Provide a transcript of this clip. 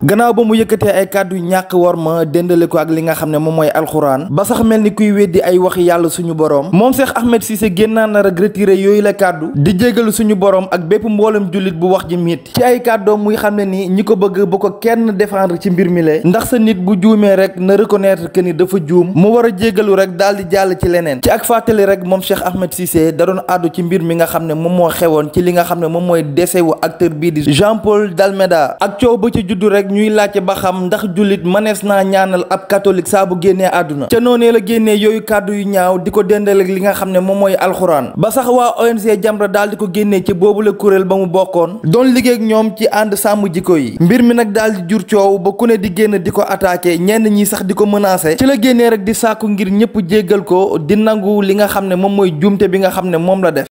gannaaw ba mu yëkkatee ay kàddu ñàkk war ma dendale ko ak li nga xam ne moom mooy alxuraan ba sax mel ni kuy weddi ay wax yàlla suñu boroom moom Cheikh Ahmed Cissé génnaa na rek yooyu la kàddu di jégalu suñu boroom ak bépp mboolem jullit bu wax ji miit ci ay kàddoom muy xam ne ni ñi ko bëgg bu ko kenn defendre ci mbir mi lay ndax sa nit bu juumee rek na reconnaître que ni dafa juum mu war a jégalu rek daal di jàll ci leneen ci ak fàttali rek moom Cheikh Ahmed Cissé da doon ci mbir mi nga xam ne moom moo xewoon ci li nga xam ne moom mooy décès wu acteur bii di Jean Paul ak coow ba ci juddu rek ñuy laajte ba xam ndax jullit mënees naa ñaanal ab catholique saa bu génnee àdduna te noonee la génnee yooyu kàddu yu ñaaw di ko dendaleeg li nga xam ne moom mooy alxuraan ba sax waa ONG Jamra daal di ko génnee ci boobu la kuréel ba mu bokkoon doon liggéey ñoom ci ànd sàmm jikko yi mbir mi nag daal di jur coow ba ku ne di génn di ko attaqué ñenn ñi sax di ko menacé ci la génnee rek di saaku ngir ñëpp jéggal ko di nangu li nga xam ne moom mooy jumte bi nga xam ne moom la def